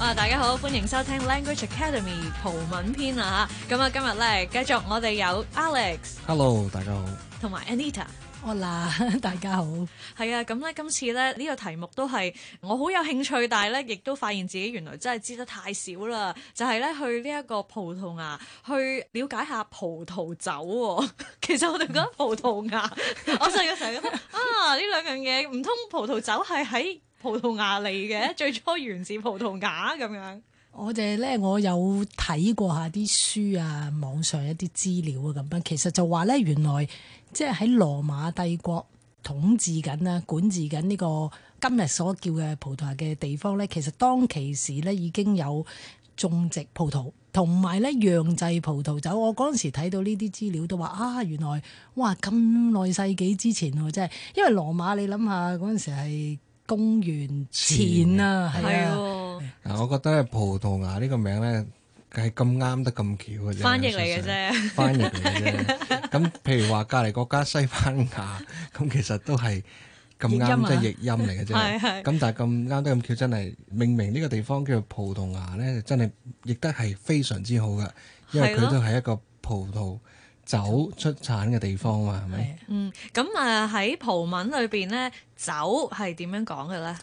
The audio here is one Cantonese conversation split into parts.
啊、哦！大家好，歡迎收聽 Language Academy 葡文篇啊吓。咁啊，今日咧繼續我哋有 Alex，Hello，大家好。同埋 Anita，Olá，大家好。係啊，咁、嗯、咧今次咧呢、這個題目都係我好有興趣，但係咧亦都發現自己原來真係知得太少啦。就係、是、咧去呢一個葡萄牙去了解下葡萄酒、哦。 其實我哋講葡萄牙， 我成日覺得 啊呢兩樣嘢，唔通葡萄酒係喺？葡萄牙嚟嘅 最初源自葡萄牙咁樣。我哋咧，我有睇過下啲書啊，網上一啲資料啊，咁樣其實就話咧，原來即係喺羅馬帝國統治緊啊，管治緊呢個今日所叫嘅葡萄牙嘅地方咧。其實當其時咧已經有種植葡萄，同埋咧釀製葡萄酒。我嗰陣時睇到呢啲資料都話啊，原來哇咁耐世紀之前喎，真係因為羅馬你想想，你諗下嗰陣時係。公元前啊，係的啊！嗱、哦啊，我覺得咧葡萄牙呢個名咧係咁啱得咁巧嘅啫，翻譯嚟嘅啫，在 翻譯嚟嘅啫。咁譬如話隔籬國家西班牙，咁其實都係咁啱，即係、啊、譯音嚟嘅啫。咁 的但係咁啱得咁巧，巧，真係命名呢個地方叫做葡萄牙咧，真係譯得係非常之好嘅，因為佢都係一個葡萄。酒出產嘅地方嘛，係咪？嗯，咁啊喺葡文裏邊咧，酒係點樣講嘅咧？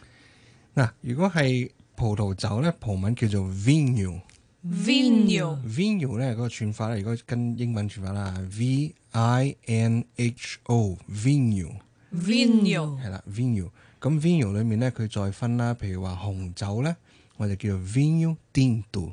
嗱、啊，如果係葡萄酒咧，葡文叫做 vinho，vinho，vinho 咧嗰個串法咧，如果跟英文串法啦，v i n h o vinho，vinho ign 係啦，vinho，咁 vinho 裏面咧，佢再分啦，譬如話紅酒咧，我就叫做 vinho tinto。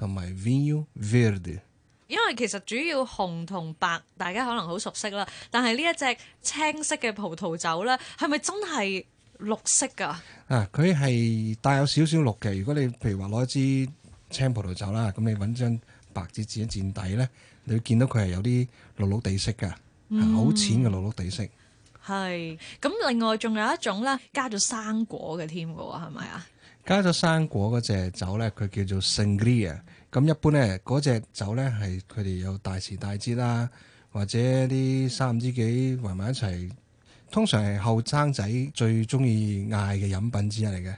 同埋 Vinho Verde，因為其實主要紅同白，大家可能好熟悉啦。但係呢一隻青色嘅葡萄酒咧，係咪真係綠色噶？啊，佢係帶有少少綠嘅。如果你譬如話攞一支青葡萄酒啦，咁你揾張白紙剪一剪底咧，你會見到佢係有啲綠綠地色嘅，好、嗯、淺嘅綠綠地色。係，咁另外仲有一種啦，加咗生果嘅添嘅喎，係咪啊？加咗生果嗰隻酒咧，佢叫做 Sangria 啊！咁一般咧，嗰隻酒咧係佢哋有大時大節啦、啊，或者啲三五知己圍埋一齊，通常係後生仔最中意嗌嘅飲品之一嚟嘅，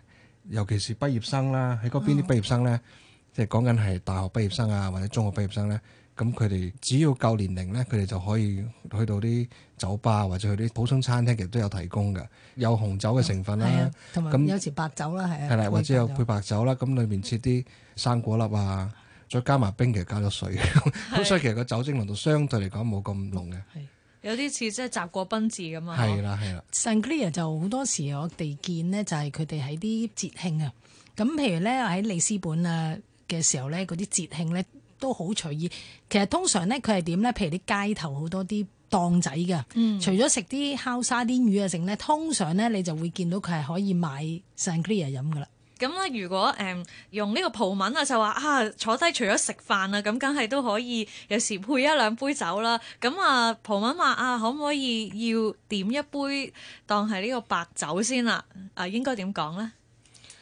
尤其是畢業生啦。喺嗰邊啲畢業生咧，即係講緊係大學畢業生啊，或者中學畢業生咧。咁佢哋只要夠年齡咧，佢哋就可以去到啲酒吧或者去啲普通餐廳，其實都有提供嘅，有紅酒嘅成分啦，同埋有時那白酒啦，係啦，的或者有配白酒啦，咁裏面切啲生果粒啊，再加埋冰，其實加咗水，咁 的 所以其實個酒精濃度相對嚟講冇咁濃嘅。係有啲似即係雜果賓治咁啊！係啦，係啦 Sangria 就好多時我哋見呢，就係佢哋喺啲節慶啊，咁譬如咧喺利斯本啊嘅時候咧，嗰啲節慶咧。都好隨意，其實通常咧佢係點咧？譬如啲街頭好多啲檔仔嘅，嗯、除咗食啲烤沙甸魚啊剩咧，通常咧你就會見到佢係可以買 Sangria 飲噶啦。咁咧、嗯，如果誒、嗯、用呢個葡文啊，就話啊，坐低除咗食飯啊，咁梗係都可以，有時配一兩杯酒啦。咁啊，葡文話啊，可唔可以要點一杯當係呢個白酒先啦？啊，應該點講咧？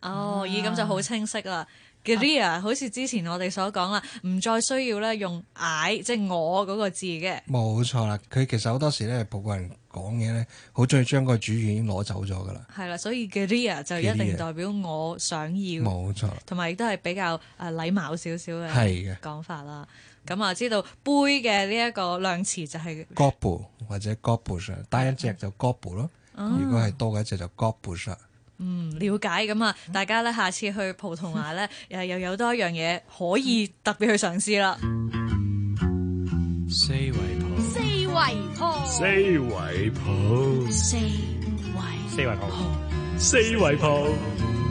哦，咦，咁、oh, 啊、就好清晰啦。Garia、啊、好似之前我哋所講啦，唔再需要咧用矮，即係、就是、我嗰、那個字嘅。冇錯啦，佢其實好多時咧，葡國人講嘢咧，好中意將個主語已經攞走咗噶啦。係啦，所以 Garia、er、就一定代表我想要。冇錯。同埋亦都係比較誒禮貌少少嘅講法啦。咁啊，嗯、我知道杯嘅呢一個量詞就係、是、gobbo 或者 gobos，單一隻就 gobbo 咯。如果係多嘅一隻就 God bless。嗯，了解。咁啊，大家咧下次去葡萄牙咧，又又有多一樣嘢可以特別去嘗試啦。四圍蒲。四圍蒲。四圍蒲。四圍。四圍蒲。四圍蒲。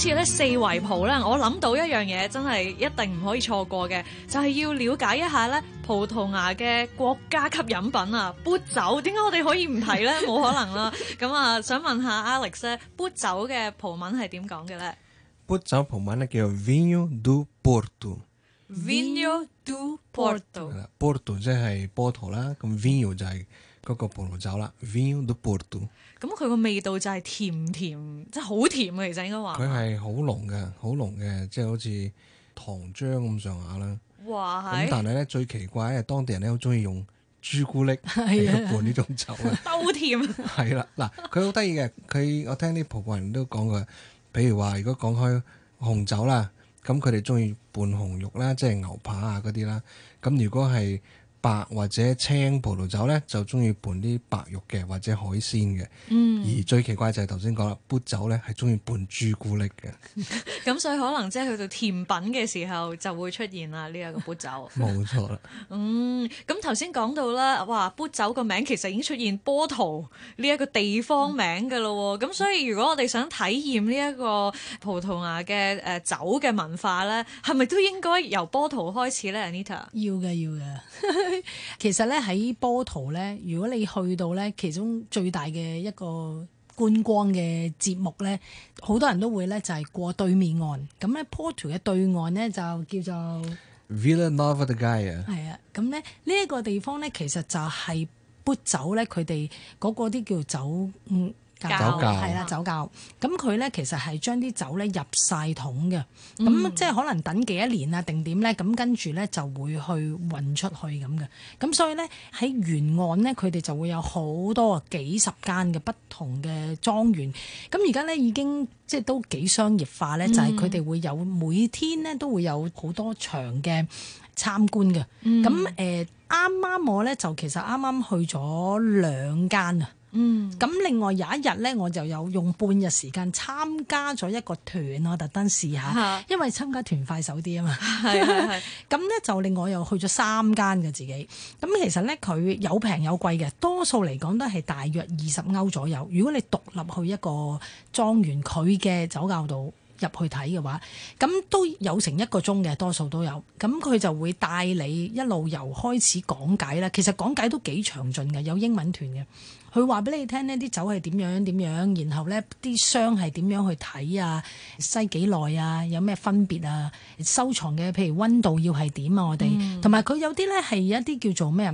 好似咧四圍蒲咧，我諗到一樣嘢，真係一定唔可以錯過嘅，就係、是、要了解一下咧葡萄牙嘅國家級飲品啊，波特酒。點解我哋可以唔提咧？冇 可能啦、啊！咁、嗯、啊，想問下 Alex 咧，波特酒嘅葡文係點講嘅咧？波特酒葡文咧叫做 Vinho do Porto。Vinho do Porto。Porto 即係葡萄牙啦。咁 Vinho 就係嗰個葡萄酒啦。Vinho do Porto。咁佢個味道就係甜甜，即係好甜嘅其實應該話。佢係好濃嘅，好濃嘅，即係好似糖漿咁上下啦。哇！咁但係咧最奇怪咧，當地人咧好中意用朱古力嚟去拌呢種酒啊。都甜的。係啦的，嗱的，佢好得意嘅，佢的 我聽啲葡國人都講過，譬如話如果講開紅酒啦，咁佢哋中意拌紅肉啦，即係牛扒啊嗰啲啦，咁如果係。白或者青葡萄酒咧，就中意拌啲白肉嘅或者海鮮嘅。嗯。而最奇怪就係頭先講啦，砵酒咧係中意拌朱古力嘅。咁 所以可能即係去到甜品嘅時候就會出現啦呢一個砵酒。冇錯啦。嗯。咁頭先講到啦，哇！砵酒個名其實已經出現波圖呢一個地方名噶啦。咁、嗯、所以如果我哋想體驗呢一個葡萄牙嘅誒酒嘅文化咧，係咪都應該由波圖開始咧，Anita？要嘅，要嘅。 其實咧，喺波圖咧，如果你去到咧，其中最大嘅一個觀光嘅節目咧，好多人都會咧就係、是、過對面岸。咁咧，波圖嘅對岸咧就叫做 Vila Nova de Gaia。係啊，咁咧呢一個地方咧，其實就係葡萄酒咧，佢哋啲叫酒。嗯窖係啦，酒窖。咁佢咧其實係將啲酒咧入曬桶嘅，咁、嗯、即係可能等幾一年啊，定點咧，咁跟住咧就會去運出去咁嘅。咁所以咧喺沿岸咧，佢哋就會有好多幾十間嘅不同嘅莊園。咁而家咧已經即係都幾商業化咧，嗯、就係佢哋會有每天咧都會有好多場嘅參觀嘅。咁誒、嗯，啱啱、呃、我咧就其實啱啱去咗兩間啊。嗯，咁另外有一日咧，我就有用半日時間參加咗一個團，我特登試下，啊、因為參加團快手啲啊嘛。咁咧就另外又去咗三間嘅自己，咁其實咧佢有平有貴嘅，多數嚟講都係大約二十歐左右。如果你獨立去一個莊園，佢嘅酒窖度，入去睇嘅話，咁都有成一個鐘嘅，多數都有。咁佢就會帶你一路由開始講解喇。其實講解都幾詳盡嘅，有英文團嘅。佢話俾你聽呢啲酒係點樣點樣，然後呢啲箱係點樣去睇啊，西幾耐啊，有咩分別啊？收藏嘅譬如溫度要係點啊，我哋同埋佢有啲呢係一啲叫做咩？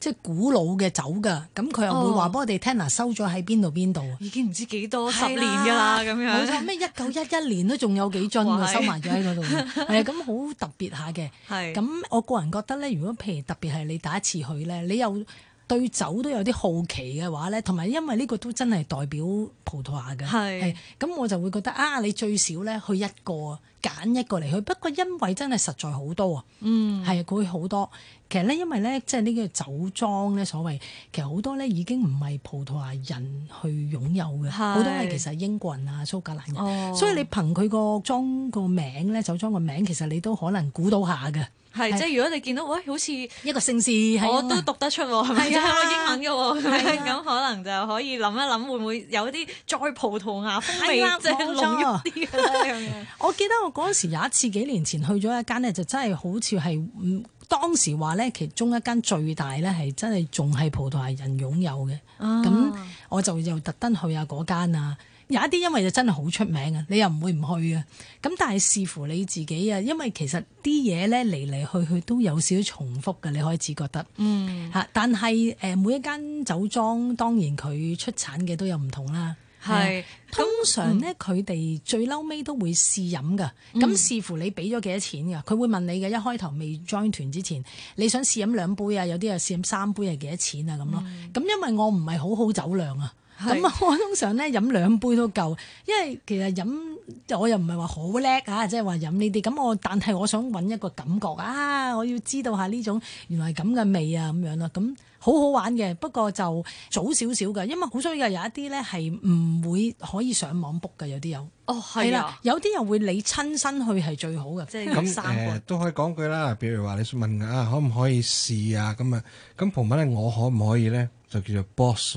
即係古老嘅酒㗎，咁佢又會話幫我哋聽嗱，收咗喺邊度邊度，已經唔知幾多十年㗎啦，咁的這樣。冇錯，咩一九一一年都仲有幾樽㗎，收埋咗喺嗰度。係啊， 咁好特別下嘅。係的。咁我個人覺得咧，如果譬如特別係你第一次去咧，你又，對酒都有啲好奇嘅話呢，同埋因為呢個都真係代表葡萄牙嘅，係咁是我就會覺得啊，你最少呢去一個揀一個嚟去。不過因為真係實在好多啊，嗯，係啊，佢好多。其實呢，因為呢，即係呢個酒莊呢所謂其實好多呢已經唔係葡萄牙人去擁有嘅，好是多係其實英國人啊、蘇格蘭人，哦、所以你憑佢個莊個名呢，酒莊個名其實你都可能估到下嘅。係，即係的如果你見到，喂，好似一個姓氏，我都讀得出，係咪？的英文嘅喎，咁可能就可以諗一諗，會唔會有啲再葡萄牙風味的，即啲嘅？ 我記得我嗰陣時有一次幾年前去咗一間呢，就真係好似係，嗯，當時話呢其中一間最大呢係真係仲係葡萄牙人擁有嘅，咁、啊、我就又特登去下嗰間啊。有一啲因為就真係好出名嘅，你又唔會唔去啊！咁但係視乎你自己啊，因為其實啲嘢咧嚟嚟去去都有少少重複嘅，你開始覺得，嗯嚇。但係誒，每一間酒莊當然佢出產嘅都有唔同啦。係是、嗯、通常咧，佢哋最嬲尾都會試飲㗎。咁、嗯、視乎你俾咗幾多錢嘅，佢會問你嘅。一開頭未 join 團之前，你想試飲兩杯啊？有啲又試飲三杯係幾多錢啊？咁咯、嗯。咁因為我唔係好好酒量啊。咁啊，是我通常呢，飲兩杯都夠，因為其實飲我又唔係話好叻啊，即係話飲呢啲咁我，但係我想搵一個感覺啊，我要知道下呢種原來係咁嘅味啊咁樣咯，咁好好玩嘅。不過就早少少嘅，因為好衰嘅有一啲呢，係唔會可以上網 book 嘅，有啲有哦係啦、啊，有啲又會你親身去係最好嘅，即係咁誒都可以講句啦。譬如話你問下可唔可以試啊咁啊？咁同埋咧，我可唔可以呢？就叫做 boss?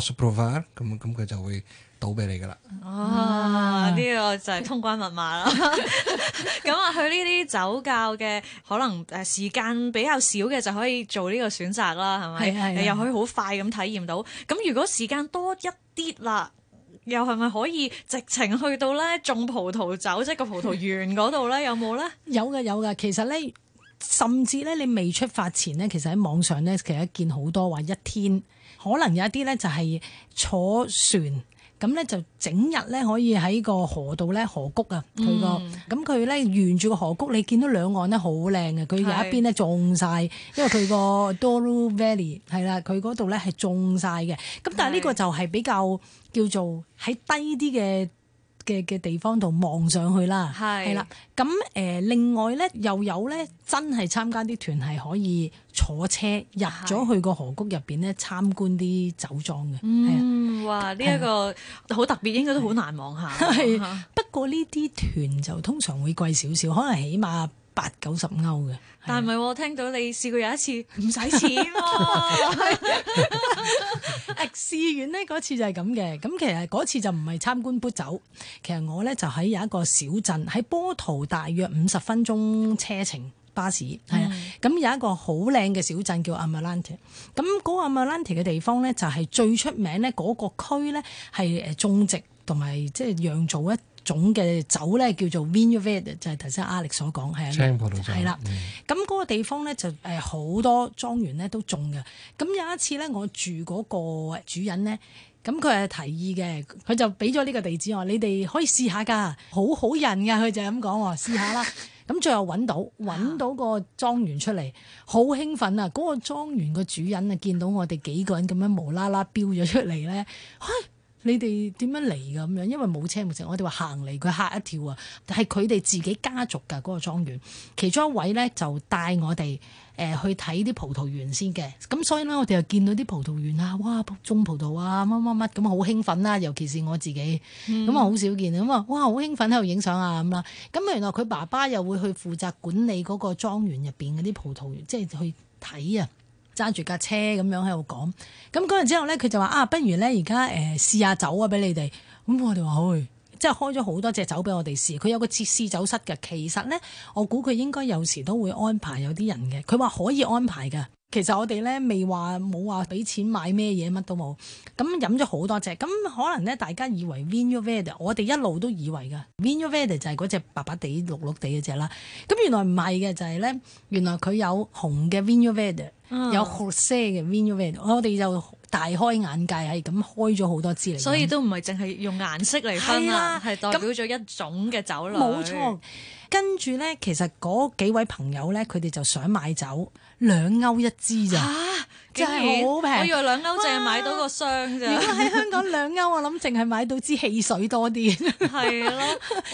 咁咁佢就會倒俾你噶啦。哦、啊，呢、這個就係通關密碼咯。咁 啊，去呢啲酒窖嘅可能誒時間比較少嘅，就可以做呢個選擇啦，係咪？係係。你又可以好快咁體驗到。咁如果時間多一啲啦，又係咪可以直情去到咧種葡萄酒 即係個葡萄園嗰度咧？有冇咧？有嘅有嘅。其實咧，甚至咧，你未出發前咧，其實喺網上咧，其實見好多話一天。可能有一啲咧就係坐船，咁咧就整日咧可以喺個河度咧河谷啊，佢個、嗯，咁佢咧沿住個河谷，你見到兩岸咧好靚嘅，佢、嗯、有一邊咧種晒，是因為佢個 Douro Valley 係啦， 佢嗰度咧係種晒嘅，咁但係呢個就係比較叫做喺低啲嘅。嘅嘅地方度望上去啦，係啦是，咁誒、呃、另外咧又有咧真係參加啲團係可以坐車入咗去個河谷入邊咧參觀啲酒莊嘅，嗯的的哇，呢、這、一個好特別，的應該都好難忘嚇。嗯、哼不過呢啲團就通常會貴少少，可能起碼。八九十歐嘅，但係唔係喎？聽到你試過有一次唔使錢喎、喔，試 完咧次就係咁嘅。咁其實嗰次就唔係參觀砵酒，其實我咧就喺有一個小鎮，喺波圖大約五十分鐘車程巴士係啊。咁、嗯、有一個好靚嘅小鎮叫 Amarante，咁嗰個 Amarante 嘅地方咧就係最出名呢嗰個區咧係誒種植同埋即係釀造一。種嘅酒咧叫做 Vineyard 就係頭先阿力所講，係咁，係啦。咁嗰個地方咧就誒好多莊園咧都種嘅。咁有一次咧，我住嗰個主人咧，咁佢係提議嘅，佢就俾咗呢個地址我，你哋可以試下㗎，好好人㗎，佢就係咁講，試下啦。咁最後揾到揾到個莊園出嚟，好興奮啊！嗰個莊園個主人啊，見到我哋幾個人咁樣無啦啦飆咗出嚟咧，你哋點樣嚟嘅咁樣？因為冇車冇車，我哋話行嚟，佢嚇一跳啊！係佢哋自己家族㗎嗰個莊園，其中一位咧就帶我哋誒去睇啲葡萄園先嘅。咁所以咧，我哋又見到啲葡萄園啊，哇，種葡萄啊，乜乜乜咁好興奮啦！尤其是我自己，咁啊好少見，咁啊哇，好興奮喺度影相啊咁啦。咁原來佢爸爸又會去負責管理嗰個莊園入邊嗰啲葡萄園，即係去睇啊。揸住架車咁樣喺度講，咁嗰日之後咧，佢就話啊，不如咧而家誒試下酒啊，俾你哋咁。我哋話，哎，即係開咗好多隻酒俾我哋試。佢有個試酒室嘅。其實咧，我估佢應該有時都會安排有啲人嘅。佢話可以安排嘅。其實我哋咧未話冇話俾錢買咩嘢，乜都冇咁飲咗好多隻咁、嗯。可能咧大家以為 Vino Verde，我哋一路都以為嘅 Vino Verde 就係嗰隻白白地綠綠地嗰隻啦。咁原來唔係嘅，就係、是、咧原來佢有紅嘅 Vino Verde。有好色嘅 v i n e wine，我哋就大開眼界，係咁開咗好多支嚟。所以都唔係淨係用顏色嚟分啦、啊，係、啊、代表咗一種嘅酒類。冇、嗯、錯。跟住咧，其實嗰幾位朋友咧，佢哋就想買酒，兩歐一支咋？真係好平！我以為兩歐淨係買到個箱咋、啊。如果喺香港兩歐， 我諗淨係買到支汽水多啲。係 咯，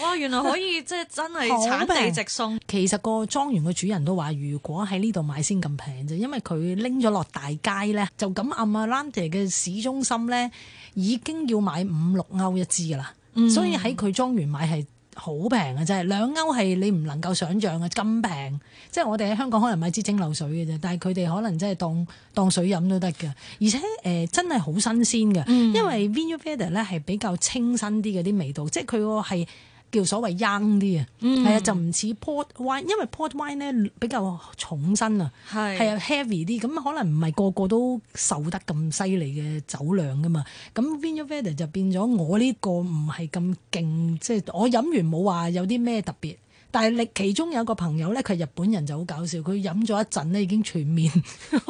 哇！原來可以即係真係產地直送。其實個莊園嘅主人都話，如果喺呢度買先咁平啫，因為佢拎咗落大街咧，就咁阿馬蘭提嘅市中心咧，已經要買五六歐一支噶啦。嗯、所以喺佢莊園買係。好平啊，真係兩歐係你唔能夠想像嘅咁平，即係我哋喺香港可能買支蒸餾水嘅啫，但係佢哋可能真係當當水飲都得㗎，而且誒、呃、真係好新鮮嘅，嗯、因為 Vinu Veda 咧係比較清新啲嘅啲味道，即係佢個係。叫所謂 young 啲啊，係啊、嗯，就唔似 port wine，因為 port wine 咧比較重身啊，係係啊 heavy 啲，咁可能唔係個個都受得咁犀利嘅酒量噶嘛，咁 winery 就變咗我呢個唔係咁勁，即係我飲完冇話有啲咩特別。但係力其中有一個朋友咧，佢日本人就好搞笑，佢飲咗一陣咧，已經全面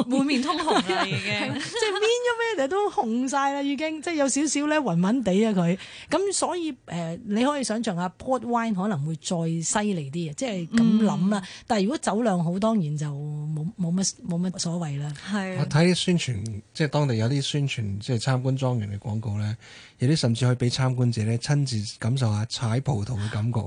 滿面通紅啦，已經即係面咗咩都紅晒啦，已經即係有少少咧暈暈地啊佢咁，所以誒、呃、你可以想像下 Port Wine 可能會再犀利啲嘅，即係咁諗啦。嗯、但係如果酒量好，當然就冇冇乜冇乜所謂啦。係的。我睇宣傳即係當地有啲宣傳即係參觀莊園嘅廣告咧，有啲甚至可以俾參觀者咧親自感受下踩葡萄嘅感覺。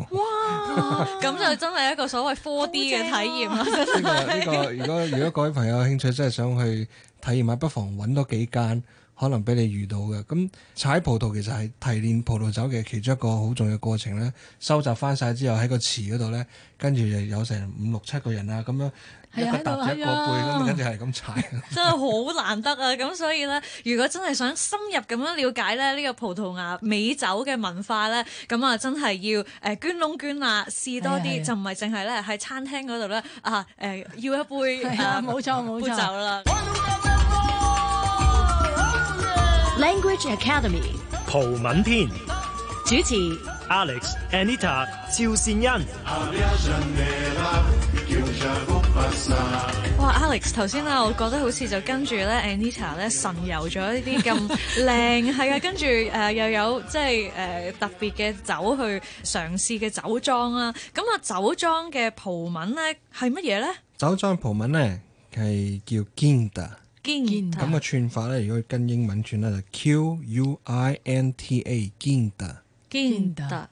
咁、啊、就真係一個所謂科 d 嘅體驗啦、啊。呢、 這個呢、呢個，如果如果各位朋友有興趣，真係想去體驗下，不妨揾多幾間。可能俾你遇到嘅，咁、嗯、踩葡萄其實係提煉葡萄酒嘅其中一個好重要過程咧。收集翻晒之後喺個池嗰度咧，跟住就有成五六七個人啊，咁樣一個搭一個背咁，跟住係咁踩。真係好難得啊！咁、 嗯、所以呢，如果真係想深入咁樣了解咧呢個葡萄牙美酒嘅文化咧，咁啊真係要誒捐窿捐罅試多啲，就唔係淨係咧喺餐廳嗰度咧啊誒要一杯冇錯冇酒啦。 葡文篇主持 Alex、Anita、趙善恩。哇，Alex，頭先啊，我覺得好似就跟住咧，Anita 咧，神遊咗呢啲咁靚，係啊，跟住誒又有即係誒特別嘅酒去嘗試嘅酒莊啊。咁啊，酒莊嘅葡文咧係乜嘢咧？酒莊葡文咧係叫 Ginza。劍塔咁嘅串法咧，如果跟英文串咧就是、Q U I N T A 劍塔，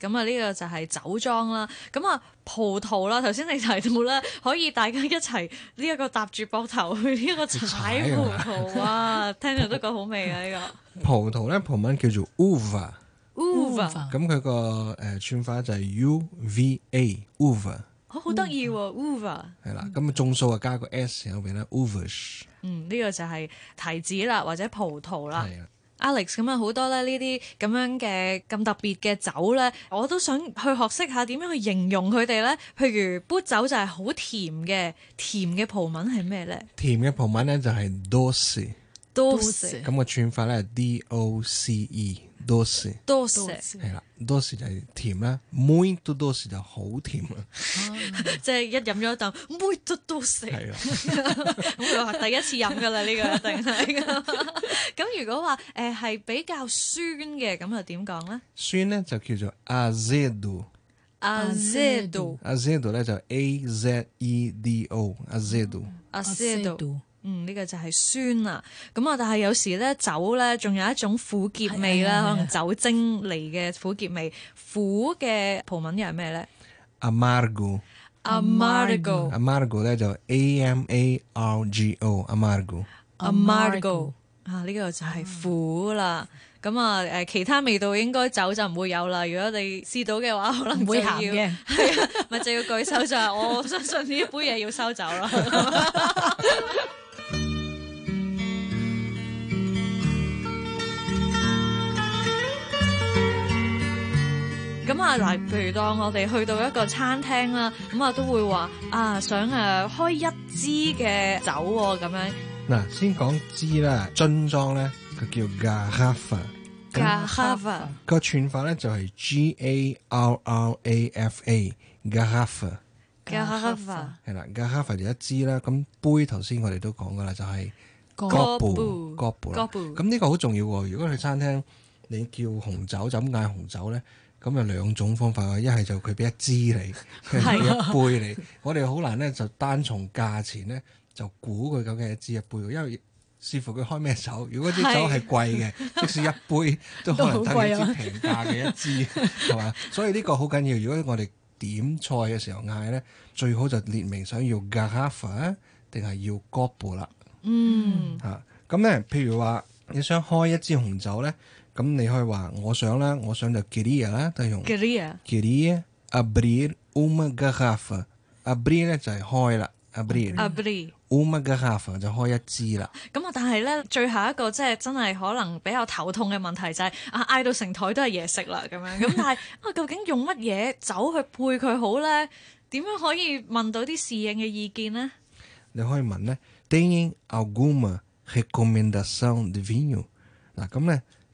咁啊呢個就係酒莊啦，咁啊葡萄啦，頭先你提到啦，可以大家一齊呢一個搭住膊頭去呢、這個踩葡萄，啊，哇， 聽住都覺好味啊，呢個葡萄咧葡文叫做 Uva，Uva，咁佢個誒串法就係 U V A Uva。好得意喎，Uva。係啦、哦，咁眾數啊數加個 S 後邊咧 Uvas 嗯，呢、這個就係提子啦，或者葡萄啦。的 Alex，咁啊好多咧呢啲咁樣嘅咁特別嘅酒咧，我都想去學識下點樣去形容佢哋咧。譬如杯酒就係好甜嘅，甜嘅葡文係咩咧？甜嘅葡文咧就係、是、doce，doce。咁個串法咧，d-o-c-e。D o C e 多士，多士，係啦，多士就係甜啦，梅多多士就好甜啊，即係一飲咗一啖，梅多多士。咁佢話第一次飲噶啦，呢個一定係。咁如果話誒係比較酸嘅，咁又點講咧？酸咧就叫做 Azedo，Azedo，Azedo 咧就 Azedo，Azedo，Azedo。嗯，呢、這個就係酸啊！咁啊，但係有時咧，酒咧仲有一種苦澀味啦，啊啊、可能酒精嚟嘅苦澀味。苦嘅葡文又係咩咧？Amargo，Amargo，Amargo 咧就 A M A R G O，Amargo，Amargo 啊！呢、這個就係苦啦。咁啊，誒、啊、其他味道應該酒就唔會有啦。如果你試到嘅話，可能唔會鹹咪就要舉手就係。我相信呢一杯嘢要收走啦。 啊，譬如當我哋去到一個餐廳啦，咁啊都會話啊，想誒、啊、開一支嘅酒咁、啊、樣。嗱，先講支啦，樽裝咧佢叫 g,、ah、Garrafa Garrafa 個串法咧就係 G A R R A F A Garrafa Garrafa 係啦 Garrafa 就一支啦。咁杯頭先我哋都講噶啦，就係、是、Gobu，咁呢個好重要喎，如果去餐廳你叫紅酒就咁嗌紅酒咧。咁有兩種方法啊，一係就佢俾一支你，佢俾一杯你。 我哋好難咧，就單從價錢咧就估佢究竟一支一杯，因為視乎佢開咩酒。如果啲酒係貴嘅， 即使一杯都可能抵一支平價嘅一支，係嘛？所以呢個好緊要。如果我哋點菜嘅時候嗌咧，最好就列明想要咖啡 a 定係要 gobble 啦。嗯，嗯，嚇咁咧，譬如話你想開一支紅酒咧。咁、嗯、你可以話我想啦，我想就 Giria 啦，都用 Giria，Giria，Abrir，uma garrafa，Abrir 咧就係開啦，Abrir，Abrir，uma、uh, garrafa 就開一支啦。咁啊、嗯，但係咧，最後一個即係真係可能比較頭痛嘅問題就係、是、啊嗌到成台都係嘢食啦咁樣，咁、嗯、但係、 啊、究竟用乜嘢酒去配佢好咧？點樣可以問到啲侍應嘅意見咧？你可以問咧 Tem alguma recomendação m de vinho？嗱咁咧。嗯嗯嗯嗯嗯嗯嗯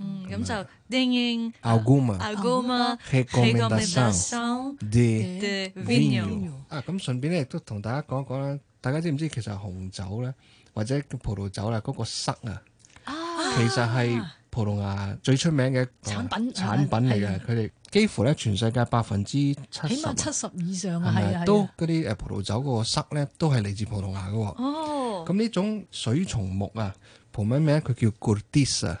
嗯，咁就啊，咁順便呢亦都同大家講一講啦。大家知唔知其實紅酒呢，或者葡萄酒啊，嗰個塞啊，其實係葡萄牙最出名嘅產品，產品嚟嘅。佢哋幾乎呢全世界百分之七十，七十以上係都啲，誒，葡萄酒嗰個塞呢，都係嚟自葡萄牙㗎喎。咁呢種水松木啊，葡文名佢叫 cortiça 啊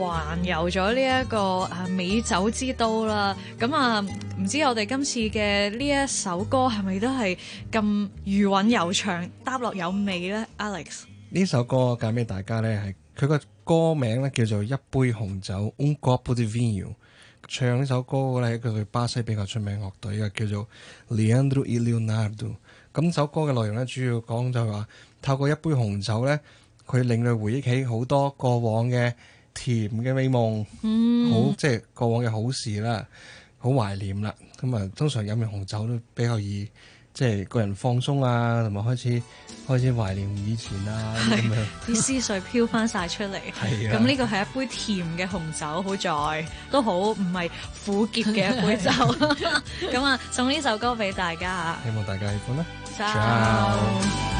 環遊咗呢一個誒、啊、美酒之都啦，咁啊唔知我哋今次嘅呢一首歌係咪都係咁餘韻悠長、搭落有味咧？Alex 呢首歌我揀俾大家咧係佢個歌名咧叫做一杯紅酒 （Um Copo de Vinho），唱呢首歌嘅咧佢個巴西比較出名樂隊嘅叫做 Leandro e Leonardo。咁首歌嘅內容咧主要講就係、是、話透過一杯紅酒咧，佢令佢回憶起好多過往嘅甜嘅美夢，嗯，好即係過往嘅好事啦，好懷念啦。咁啊，通常飲完紅酒都比較易，即係個人放鬆啊，同埋開始開始懷念以前啦，啲思緒飄翻晒出嚟。係啊，咁呢個係一杯甜嘅紅酒，好在都好唔係苦澀嘅一杯酒。咁啊，送呢首歌俾大家吓，希望大家喜歡啦。上